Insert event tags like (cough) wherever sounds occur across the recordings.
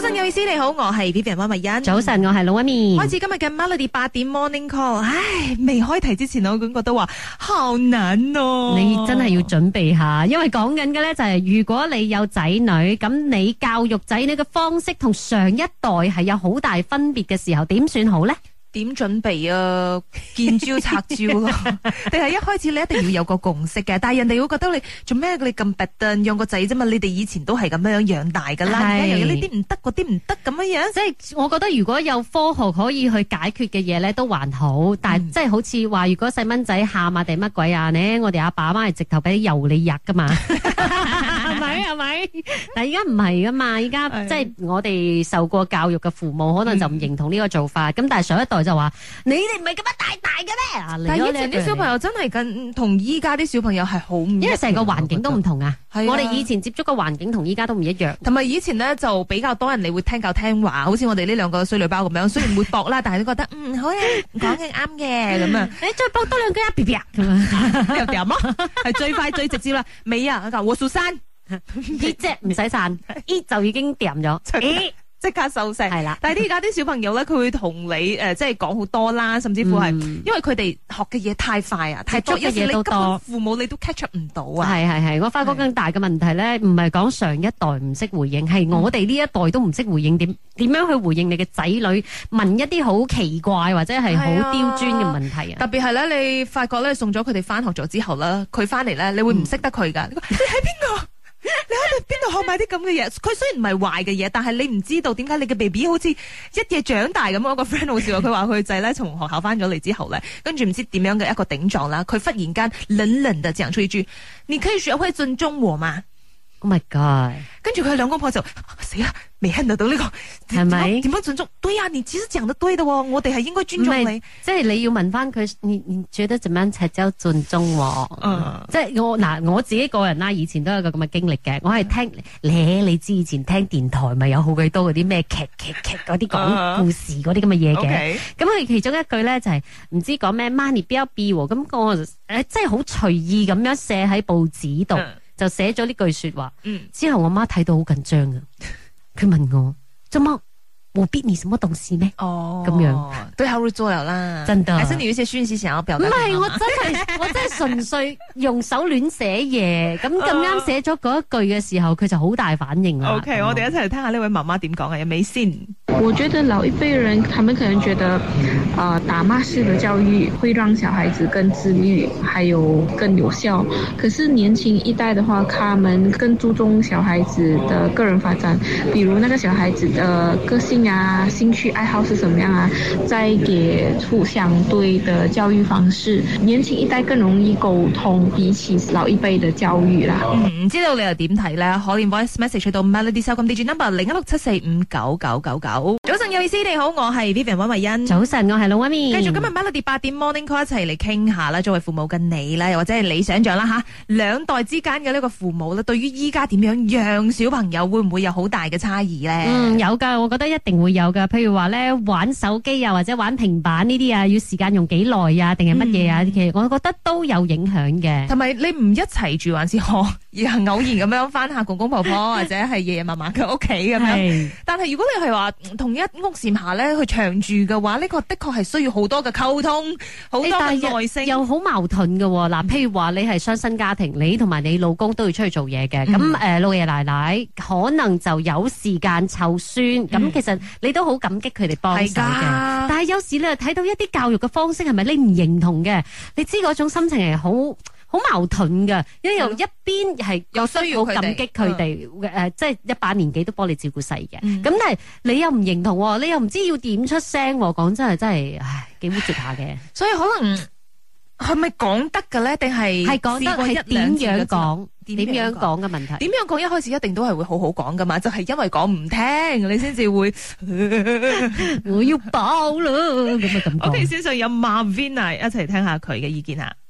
早晨，有意思，你好，我係 Vivian 媽咪欣。早晨，我係老 Amy。開始今日嘅 Melody 八點 Morning Call。唉，未開題之前，我感覺到話好難哦。你真係要準備一下，因為講緊嘅咧就係、是，如果你有仔女，咁你教育仔女嘅方式同上一代係有好大分別嘅時候，點算好咧？點準備啊？見招拆招，招咯，定係 (laughs) 一開始你一定要有個共識嘅。 (laughs) 但係人哋會覺得你做咩你咁 b a d e 養個仔啫嘛？你哋以前都係咁樣樣養大噶啦，又是有呢啲唔得，嗰啲唔得咁樣樣。即係我覺得如果有科學可以去解決嘅嘢咧，都還好。但係、嗯、即係好似話，如果細蚊仔喊啊定乜鬼啊呢？我哋阿爸阿媽係直頭俾油你入噶嘛，係咪係咪？但係而家唔係噶嘛，而家即係我哋受過教育嘅父母，可能就唔認同呢個做法。咁、嗯、但係上一代。就話你哋唔係咁樣大大嘅咩？但以前啲小朋友真係咁，同依家啲小朋友係好唔一樣，因為成個環境都唔同啊。我哋以前接觸嘅環境同依家都唔一樣，同埋以前咧就比較多人你會聽教聽話，好似我哋呢兩個衰女包咁樣，雖然唔會搏啦，但係都覺得嗯，好嘅，講嘅啱嘅咁啊。你再搏多兩句啊，bi 咁啊，掂唔掂係最快最直接啦，尾啊，我數三，山，呢隻唔使散，呢就已經掂咗。即刻收聲！係啦，的但係啲而家啲小朋友咧，佢會同你誒、呃，即係講好多啦，甚至乎係，嗯、因為佢哋學嘅嘢太快啊，太多嘢都多，你父母你都 catch 唔到啊！係係係，我發覺更大嘅問題咧，唔係講上一代唔識回應，係我哋呢一代都唔識回應，點點樣，點樣去回應你嘅仔女？問一啲好奇怪或者係好刁鑽嘅問題啊！特別係咧，你發覺咧送咗佢哋翻學咗之後咧，佢翻嚟咧，你會唔識得佢噶？嗯、你喺邊個？ (laughs) (laughs) 你喺度邊度學埋啲咁嘅嘢？佢雖然唔係壞嘅嘢，但係你唔知道點解你嘅 B B 好似一夜長大咁。我個 friend 好笑，佢話佢仔咧從學校翻咗嚟之後咧，跟住唔知點樣嘅一個頂撞啦，佢忽然間冷冷嘅講出一句，你可以學會尊重我嘛？我咪該，跟住佢兩公婆就死啦，未、啊、聽得到呢、這個係咪？點樣尊重？對呀，你只實講得對的，我哋係應該尊重你。即係你要問翻佢，你你覺得做乜赤州尊重？嗯、uh，huh. 即係我嗱，我自己個人啦、啊，以前都有個咁嘅經歷嘅。我係聽咧、uh huh.，你知以前聽電台咪有好鬼多嗰啲咩劇劇劇嗰啲講故事嗰啲咁嘅嘢嘅。咁佢、uh huh. okay. 其中一句咧就係、是、唔知講咩 money b i 咁個誒，即係好隨意咁樣寫喺報紙度。Uh huh. 就寫咗呢句說話，之後我媽睇到好緊張啊！佢、嗯、 (laughs) 問我做乜冇必你什麼懂事咩？哦，咁樣對口做又啦，真的。但係新年要寫宣紙成日我表唔係是嗎我真係 (laughs) 我真係純粹用手亂寫嘢，咁咁啱寫咗嗰一句嘅時候，佢就好大反應啦。OK，樣我哋一齊嚟聽下呢位媽媽點講嘅有冇先？我覺得老一輩人，他們可能覺得，啊、呃、打罵式的教育會讓小孩子更自律，還有更有效。可是年輕一代的話，他們更注重小孩子的個人發展，比如那個小孩子的個性啊、興趣愛好是什麼樣啊，再給出相對的教育方式。年輕一代更容易溝通，比起老一輩的教育啦。唔知道你又點睇呢？可以 voice message 到 melody 收音機 number 零一六七四五九九九九。早晨，有意思你好，我係 Vivian 溫慧欣。早晨，我係老 ummy。繼續今日 Melody 八點 Morning Call 一齊嚟傾下啦，作為父母嘅你啦，又或者係你想象啦吓，兩代之間嘅呢個父母咧，對於依家點樣讓小朋友會唔會有好大嘅差異咧、嗯？有噶，我覺得一定會有噶。譬如話咧玩手機啊，或者玩平板呢啲啊，要時間用幾耐啊，定係乜嘢啊？嗯、其實我覺得都有影響嘅。同埋你唔一齊住還是可，而 (laughs) 偶然咁樣翻下公公婆婆 (laughs) 或者係爺爺嫲嫲嘅屋企咁樣。是但係如果你係話。同一屋檐下咧，去長住嘅話，呢個的確係需要好多嘅溝通，好多嘅耐性，又好矛盾嘅、哦。嗱、嗯，譬如話你係雙薪家庭，你同埋你老公都要出去做嘢嘅，咁誒、嗯呃，老爺奶奶可能就有時間湊孫。咁、嗯、其實你都好感激佢哋幫手嘅，的但係有時咧睇到一啲教育嘅方式，係咪你唔認同嘅？你知嗰種心情係好。好矛盾嘅，因為有一邊係、嗯、需要他們感激佢哋，誒、嗯呃，即係一把年紀都幫你照顧細嘅。咁、嗯、但係你又唔認同，你又唔知道要點出聲，講真係真係，唉，幾污接下嘅。所以可能係咪講得嘅咧？定係係講得係點樣講？點樣講嘅問題？點樣講？一開始一定都係會好好講噶嘛？就係、是、因為講唔聽，你先至會 (laughs) (laughs) 我要爆啦。咁嘅感覺。O、okay, K，先上有 Marvin 啊，一齊聽下佢嘅意見啊。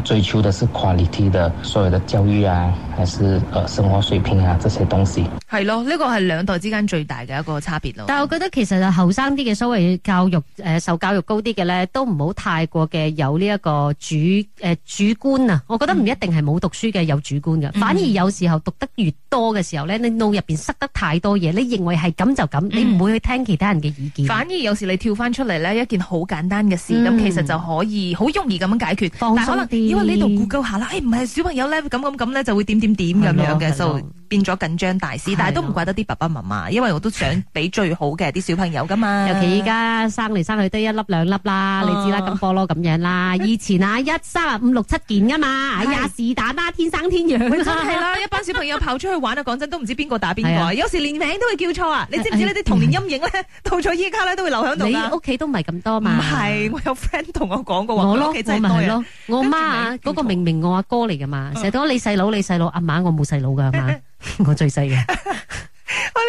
追求的是 quality 的所有的教育啊，還是呃生活水平啊這些東西？係咯，呢個係兩代之間最大嘅一個差別咯。但係我覺得其實啊，後生啲嘅所謂教育，誒、呃、受教育高啲嘅咧，都唔好太過嘅有呢一個主誒、呃、主觀啊。我覺得唔一定係冇讀書嘅有主觀嘅，嗯、反而有時候讀得越多嘅時候咧，你腦入邊塞得太多嘢，你認為係咁就咁，嗯、你唔會去聽其他人嘅意見。反而有時你跳翻出嚟咧，一件好簡單嘅事，咁、嗯、其實就可以好容易咁樣解決。但係可能。因為呢度顧夠下啦，誒、哎，唔係小朋友咧，咁咁咁咧就會點點點咁樣嘅就。的以變咗緊張大師，但係都唔怪得啲爸爸媽媽，因為我都想俾最好嘅啲小朋友噶嘛。 (laughs) 尤其依家生嚟生去得一粒兩粒啦，哦、你知啦，金菠蘿咯咁樣啦。以前啊，一三五六七件噶嘛，係是 啊是但啦，天生天養、啊、啦，一班小朋友跑出去玩 (laughs) 誰誰啊，講真都唔知邊個打邊個，有時連名都會叫錯啊。你知唔知呢啲童年陰影咧，到咗依家咧都會留響度，屋企都唔係咁多嘛。唔係，我有 friend 同我講過話，屋企咯就代咯。我媽嗰個明明我阿哥嚟噶嘛，成日講你細佬你細佬，阿媽我冇細佬噶係嘛。 (laughs) 我最細嘅，呢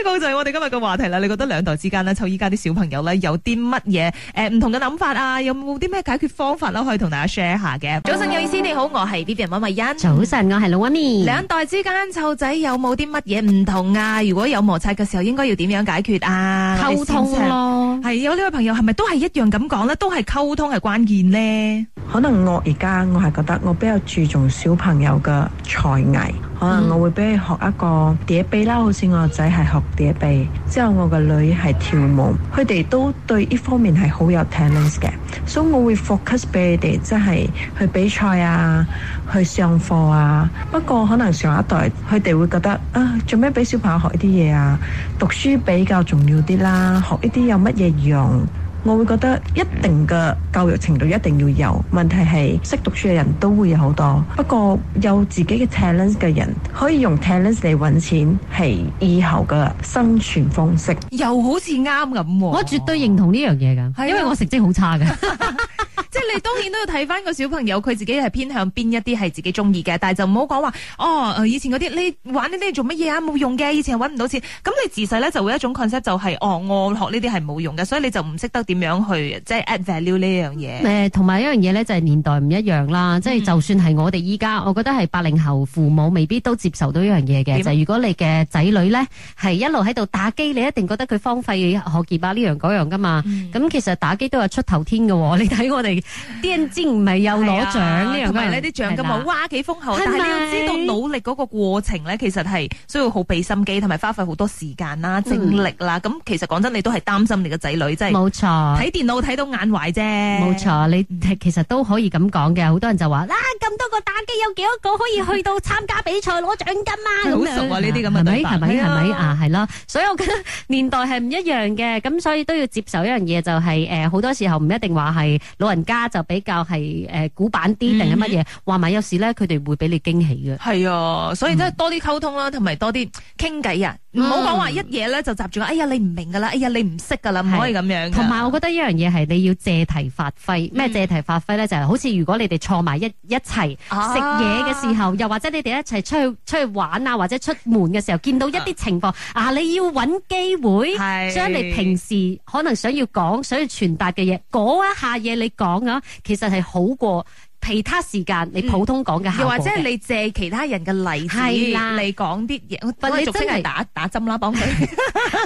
個、 (laughs) 哎、就係我哋今日嘅話題啦。你覺得兩代之間咧，湊依家啲小朋友咧，有啲乜嘢誒唔同嘅諗法啊？有冇啲咩解決方法咧、啊？可以同大家 share 下嘅。早晨上，oh。有意思你好，我係 B B 馬慧欣。早晨，我係 Melody。兩代之間湊仔有冇啲乜嘢唔同啊？如果有摩擦嘅時候，應該要點樣解決啊？溝通咯。係有呢位朋友，係咪都係一樣咁講咧？都係溝通係關鍵咧。可能我而家我係覺得我比較注重小朋友嘅才藝。嗯、可能我會俾佢學一個蝶臂啦，好似我個仔係學蝶臂，之後我個女係跳舞，佢哋都對呢方面係好有 talents 嘅，所以我會 focus 俾你哋，即係去比賽啊，去上課啊。不過可能上一代佢哋會覺得啊，做咩俾小朋友學呢啲嘢啊？讀書比較重要啲啦，學呢啲有乜嘢用？我會覺得一定嘅教育程度一定要有。問題係識讀書嘅人都會有好多，不過有自己嘅 talents 嘅人可以用 talents 嚟揾錢，係以後嘅生存方式。又好似啱咁，我絕對認同呢樣嘢噶，係、啊、因為我成績好差㗎。 (laughs) (laughs) (laughs) 你當然都要睇返個小朋友，佢自己係偏向邊一啲係自己鍾意嘅，但係就唔好講話哦。以前嗰啲你玩呢啲做乜嘢啊？冇用嘅，以前係搵唔到錢。咁你自細咧就會一種 concept 就係、是、哦，我學呢啲係冇用嘅，所以你就唔識得點樣去即係、就是、add value、呃、呢樣嘢。同埋一樣嘢咧，就係、是、年代唔一樣啦。即係、嗯、就算係我哋依家，我覺得係八零後父母未必都接受到一樣嘢嘅，就係如果你嘅仔女呢係一路喺度打機，你一定覺得佢荒廢學業啊呢樣嗰樣㗎嘛。咁、嗯、其實打機都係出頭天嘅喎，你睇我哋。啲人之前唔係又攞獎呢樣嘅，呢啲獎金咪哇幾豐厚。但係你要知道努力嗰個過程咧，其實係需要好俾心機，同埋花費好多時間啦、精力啦。咁其實講真，你都係擔心你嘅仔女，真係冇錯，睇電腦睇到眼壞啫。冇錯，你其實都可以咁講嘅。好多人就話嗱，咁多個打機，有幾多個可以去到參加比賽攞獎金啊？好熟啊，呢啲咁問題，係咪？係咪？係咪？啊，係咯。所以我覺得年代係唔一樣嘅，咁所以都要接受一樣嘢，就係誒，好多時候唔一定話係老人家。就比較係誒古板啲，定係乜嘢？話埋、嗯、有時咧，佢哋會俾你驚喜嘅。係啊，所以係多啲溝通啦，同埋、嗯、多啲傾偈啊。唔好講話一嘢咧就集住，哎呀你唔明噶啦，哎呀你唔識噶啦，唔是可以咁樣。同埋我覺得一樣嘢係你要借題發揮，咩、嗯、借題發揮咧？就係、是、好似如果你哋坐埋一一齊食嘢嘅時候，又或者你哋一齊出去出去玩啊，或者出門嘅時候見到一啲情況，啊，啊你要搵機會，將是你平時可能想要講、想要傳達嘅嘢，嗰一下嘢你講啊，其實係好過。其他時間你普通講嘅，又或者你借其他人嘅例子你講啲嘢，你真係打打針啦，幫佢。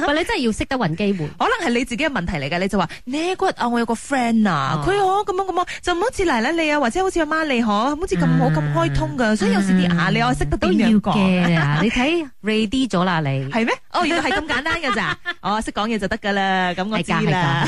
喂，你真係要識得揾機會。可能係你自己嘅問題嚟㗎，你就話呢個啊，我有個 friend 啊，佢好咁樣咁樣，就唔好似奶奶你啊，或者好似阿媽你好，好似咁好咁開通㗎，所以有時啲啊，你又識得點樣嘅？你睇 ready 咗啦，你係咩？哦，原來係咁簡單㗎咋？哦，識講嘢就得㗎啦，咁我知啦。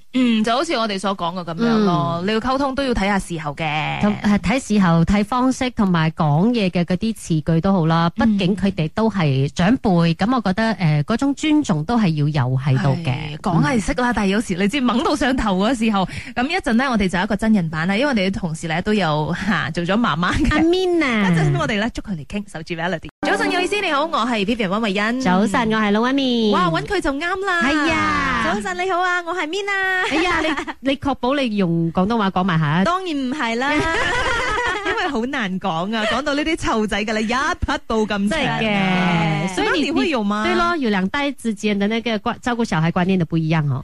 嗯，就好似我哋所講嘅咁樣咯，嗯、你溝要溝通都要睇下時候嘅，睇時候、睇方式，同埋講嘢嘅嗰啲詞句好、嗯、都好啦。畢竟佢哋都係長輩，咁我覺得誒，嗰、呃、種尊重都係要有喺度嘅。講係識啦，嗯、但係有時你知，你懵到上頭嗰時候，咁一陣呢，我哋就有一個真人版啦。因為我哋同事咧都有吓做咗媽媽，阿 Min 啊，一陣 Mina 我哋咧捉佢嚟傾，守住 MELODY 早晨上，Hello. 有意思，你好，我係 Vivian 溫慧欣。早晨，我係老 Amy。哇，搵佢就啱啦。係呀、hey、a 早晨你好啊，我係 Min 啊。哎呀，你你確保你用廣東話講埋下，當然唔係啦， (laughs) 因為好難講啊，講到呢啲臭仔㗎啦，一匹布咁長嘅，啊，所以你會有嘛，對咯，有兩代之間的呢個關照顧小孩觀念的不一樣哦。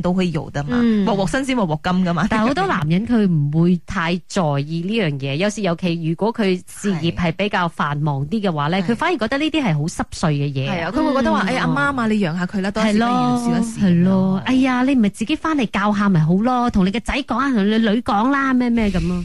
都可以搖得嘛，鑊鑊新鮮鑊鑊金噶嘛。但係好多男人佢唔會太在意呢樣嘢，有時尤其如果佢事業係比較繁忙啲嘅話咧，佢係反而覺得呢啲係好濕碎嘅嘢。係啊，佢會覺得話，嗯、哎，阿媽啊，你養下佢啦，多少少少一時。係咯，哎呀，你唔係自己翻嚟教下咪好咯？同你嘅仔講啊，同你女講啦，咩咩咁咯。